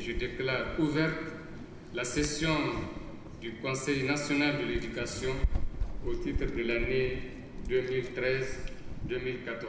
Je déclare ouverte la session du Conseil national de l'éducation au titre de l'année 2013-2014.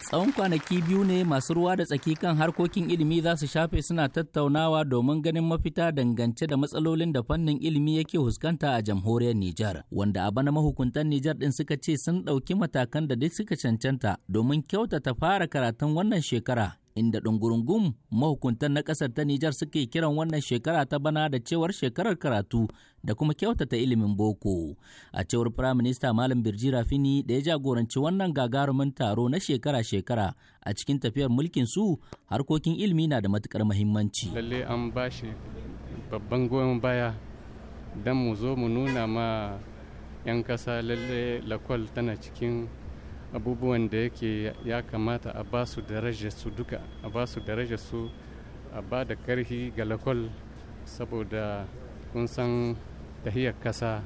Tsawon kwanaki biyu ne masu ruwa da tsaki kan harkokin ilimi za su shafe suna tattaunawa domin ganin mafita dangance da matsalolin da fannin ilimi yake huskanta a jamhuriyar Nijar, wanda a bana mahukuntan Nijar din suka ce sun ɗauki matakan da duk suka cancanta domin kyautata fara karatun wannan shekara inda dungurungun mahukuntan na kasar ta Nijar suke kiran wannan shekara ta bana da cewar shekarar karatu da kuma kyautata ilimin boko. A cewar Firaminista Malam Birji Rafini da ya jagoranci wannan gagarumin taro na shekara-shekara a cikin tafiyar mulkin su harkokin ilimi na da matukar muhimmanci. Lalle an bashi babban goyon baya don mu zo mu nuna ma 'yan kasa lalle lakwal tana cikin abubuwan da yake ya kamata a ba su darajar su duka a ba su su a ba da karhi ga lakol saboda kun san tahiyar kasa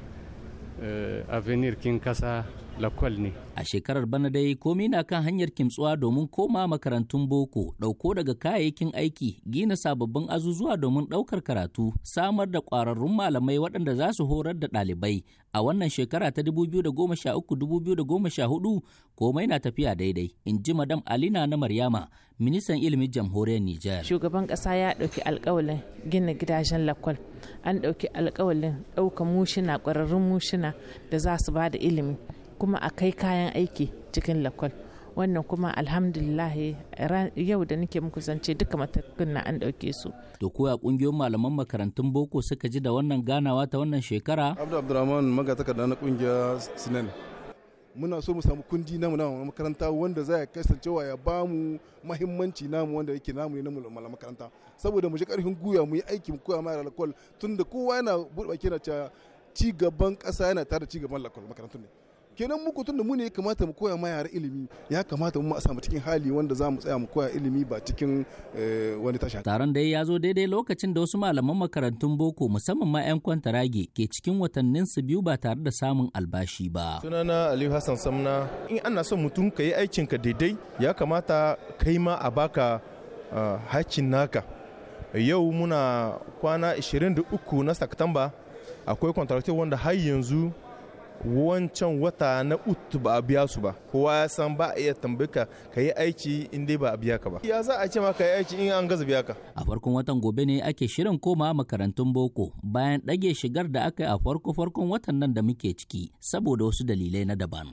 eh, avenir kin kasa lakwal a shekarar bana dai komi na kan hanyar kimtsuwa domin koma makarantun boko dauko daga kayayyakin aiki gina sababbin azuzuwa domin daukar karatu samar da kwararrun malamai waɗanda za su horar da ɗalibai a wannan shekara ta 2013-2014 komai na tafiya daidai in ji madam alina na maryama ministan ilimin jamhuriyar nijar shugaban ƙasa ya ɗauki alƙawalin gina gidajen lakwal an ɗauki alƙawalin ɗauka mushina ƙwararrun mushina da za su ba da ilimi kuma a kai kayan aiki cikin lakwal wannan kuma alhamdulillah yau da nake muku zance duka matakin na an ɗauke su. To koya kungiyoyin malaman makarantun boko suka ji da wannan ganawa ta wannan shekara? Abdu Abdurrahman magatakarda na ƙungiya Sinan. Muna so mu samu kundi namu na makaranta wanda za ya kasancewa ya ba mu mahimmanci namu wanda yake namu ne na malaman makaranta. Saboda mu ji ƙarfin guya mu yi aiki mu koya ma yara tunda kowa yana buɗe bakin na ci gaban ƙasa yana tare ci gaban lakwal makarantun ne. kenan muku tun da mu ne ya kamata mu koya ma yara ilimi ya kamata mu ma samu cikin hali wanda za mu tsaya mu koya ilimi ba cikin eh, wani tasha taron dai ya zo daidai lokacin da wasu malaman makarantun boko musamman ma 'yan kwantarage ke cikin watannin su biyu ba tare da samun albashi ba sunana aliyu hassan samna in ana son mutum ka yi aikin ka daidai ya kamata kai ma a baka eh, hakkin naka yau muna kwana 23 na satumba akwai kwantarate wanda har yanzu wancan wata na utu ba a biya su ba kowa ya san ba a iya tambaka ka yi aiki in dai ba a biya ka ba ya za a ce ma ka yi aiki in an gaza biya ka a farkon watan gobe ne ake shirin koma makarantun boko bayan ɗage shigar da aka yi a farko farkon watan nan da muke ciki saboda wasu dalilai na daban